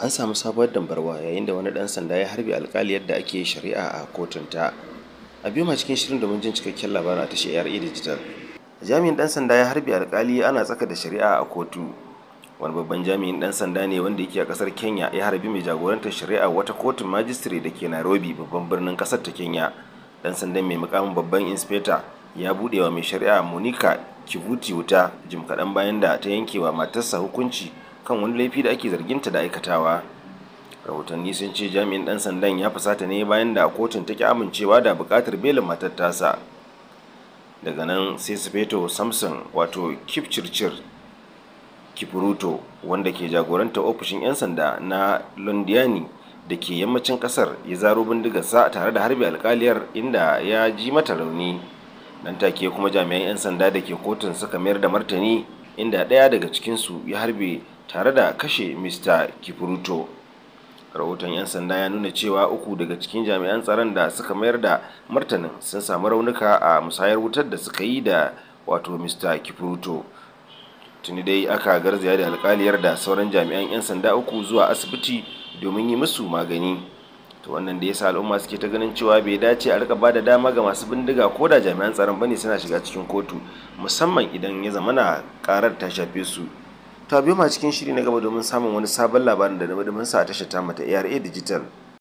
an samu sabuwar dambarwa yayin da wani dan sanda ya harbi alkali yadda ake shari'a a kotun ta a biyu ma cikin shirin domin jin cikakken labarin a tashar ARA e digital jami'in dan sanda ya harbi alkali ana tsaka da shari'a a kotu wani babban jami'in dan sanda ne wanda yake a kasar Kenya ya harbi mai jagorantar shari'a wata kotun majistire da ke Nairobi babban birnin kasar ta Kenya dan sandan mai mukamin babban inspector ya bude wa mai shari'a Monica Kivuti wuta jim kaɗan bayan da ta yanke wa matarsa hukunci kan wani laifi da ake zarginta da aikatawa rahotanni sun ce jami'in ɗan sandan ya fusata ne bayan da kotun ta take amincewa da buƙatar belin matattasa daga nan sai su feto samson wato kipchirchir kipruto wanda ke jagoranta ofishin 'yan sanda na londiani da ke yammacin kasar ya zaro bindigarsa tare da harbi alkaliyar inda ya ji mata rauni nan take kuma jami'an 'yan sanda da ke kotun suka mayar da martani inda ɗaya daga cikinsu ya harbe tare da kashe mr kipruto rahoton 'yan sanda ya nuna cewa uku daga cikin jami'an tsaron da suka mayar da martanin sun samu raunuka a musayar wutar da suka yi da wato mr kipruto tuni dai aka garzaya da alkaliyar da sauran jami'an 'yan sanda uku zuwa asibiti domin yi musu magani to wannan da yasa al'umma suke ta ganin cewa bai dace a rika bada dama ga masu bindiga ko da jami'an tsaron bane suna shiga cikin kotu musamman idan ya zamana karar ta shafe su to a ma cikin shiri na gaba domin samun wani sabon labarin da na mun sa a tashar ta mata ARA Digital